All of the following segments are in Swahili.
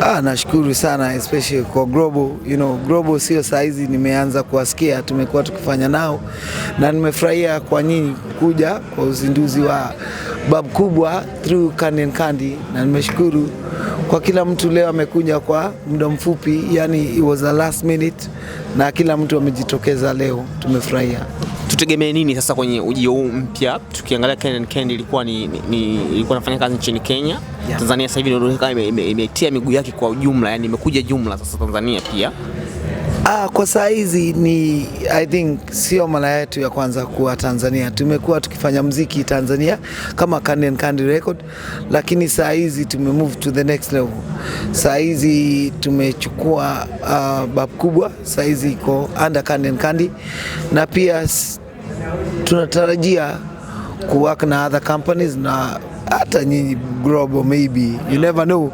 Ah, nashukuru sana especially kwa Global, you know, Global sio hizi nimeanza kuwasikia, tumekuwa tukifanya nao na nimefurahia kwa nyinyi kuja kwa uzinduzi wa babu kubwa through Kandi Kandi na nimeshukuru kwa kila mtu leo amekuja kwa muda mfupi, yani it was the last minute, na kila mtu amejitokeza leo, tumefurahia. Tutegemee nini sasa kwenye ujio huu mpya? Tukiangalia Ken Kend ilikuwa ni, ni, ilikuwa nafanya kazi nchini Kenya yeah. Tanzania sasa hivi imetia miguu yake kwa ujumla, yani imekuja jumla sasa Tanzania pia Ah, kwa saa hizi ni I think sio mara yetu ya kwanza kuwa Tanzania. Tumekuwa tukifanya mziki Tanzania kama Candy and Candy Record, lakini saa hizi tume move to the next level. Saa hizi tumechukua uh, bab kubwa, saa hizi iko under Candy and Candy na pia tunatarajia kuwork na other companies na hata nyinyi global, maybe you never know,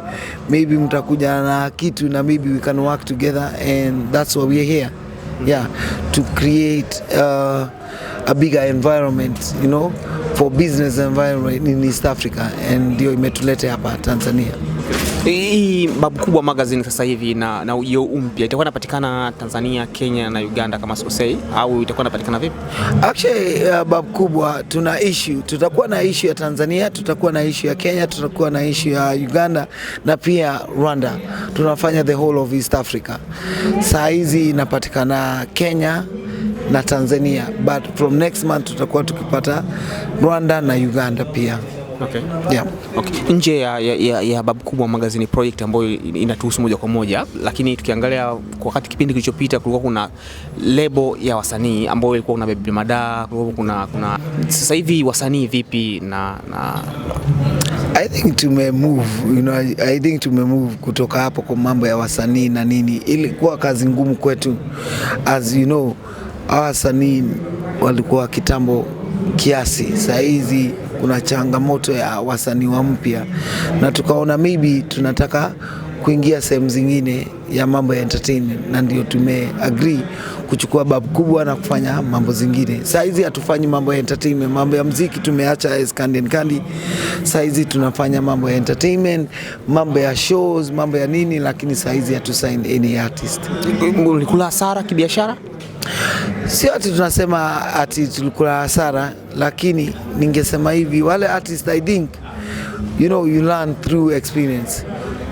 maybe mtakuja na kitu na maybe we can work together and that's why we are here yeah to create uh, a bigger environment you know for business environment in East Africa and ndio imetulete hapa Tanzania. Hii Babu Kubwa magazine sasa hivi na, na ujio mpya itakuwa inapatikana Tanzania, Kenya na Uganda kama sikosei, au itakuwa inapatikana vipi? Actually uh, Babu Kubwa tuna issue, tutakuwa na issue ya Tanzania, tutakuwa na issue ya Kenya, tutakuwa na issue ya Uganda na pia Rwanda. Tunafanya the whole of East Africa. Saa hizi inapatikana Kenya na Tanzania, but from next month tutakuwa tukipata Rwanda na Uganda pia. Okay. Yeah. Okay. Nje ya, ya, ya Babu Kubwa Magazine project ambayo inatuhusu moja kwa moja, lakini tukiangalia kwa wakati kipindi kilichopita kulikuwa kuna lebo ya wasanii ambayo ilikuwa kuna Baby Mada, kuna kuna sasa hivi wasanii vipi na, na... I think tume move, you know, I think tume move kutoka hapo kwa mambo ya wasanii na nini. Ilikuwa kazi ngumu kwetu as you know, wasanii walikuwa kitambo kiasi. Saa hizi kuna changamoto ya wasanii wa mpya, na tukaona maybe tunataka kuingia sehemu zingine ya mambo ya entertainment, na ndio tume agree kuchukua babu kubwa na kufanya mambo zingine. Saa hizi hatufanyi mambo ya entertainment, mambo ya mziki tumeacha and kandi. Saa hizi tunafanya mambo ya entertainment, mambo ya shows, mambo ya nini, lakini saa hizi hatusign any artist. Kula hasara kibiashara Sio ati tunasema ati tulikula hasara, lakini ningesema hivi wale artist, I think you know you learn through experience.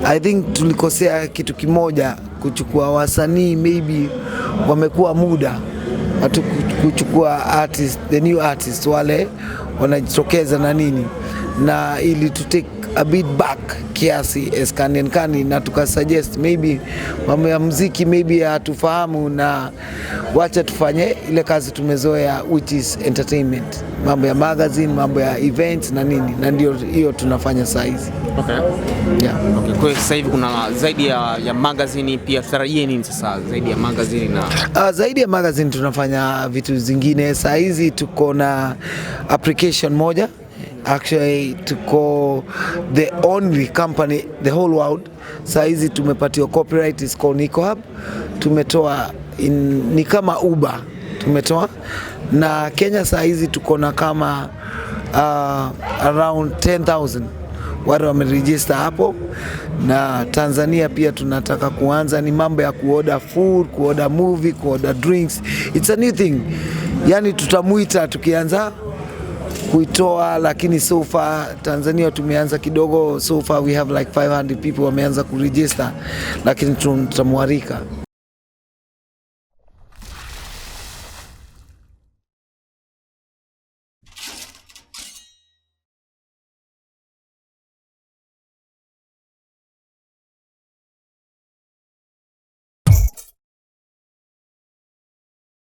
I think tulikosea kitu kimoja, kuchukua wasanii maybe wamekuwa muda hatu kuchukua artist, the new artist wale wanajitokeza na nini na ili to take a bit back kiasi Kani, eh, na tukasuggest maybe mambo ya mziki maybe hatufahamu, na wacha tufanye ile kazi tumezoea, which is entertainment, mambo ya magazine, mambo ya events na nini, na ndio hiyo tunafanya saa hizi. Okay. Yeah. Okay. Kwa sasa hivi kuna zaidi ya, ya magazine pia tarajie nini sasa zaidi ya magazine na... Uh, zaidi ya magazine tunafanya vitu zingine saa hizi, tuko na application moja actually tuko the only company the whole world saa hizi tumepatiwa copyright is called Nico Hub. Tumetoa in, ni kama Uber tumetoa na Kenya saa hizi tuko na kama uh, around 10000 wale wamerejista hapo, na Tanzania pia tunataka kuanza ni mambo ya kuoda food, kuoda movie, kuoda drinks. It's a new thing, yani tutamuita tukianza kuitoa, lakini so far Tanzania tumeanza kidogo, so far we have like 500 people wameanza kuregister, lakini tutamwarika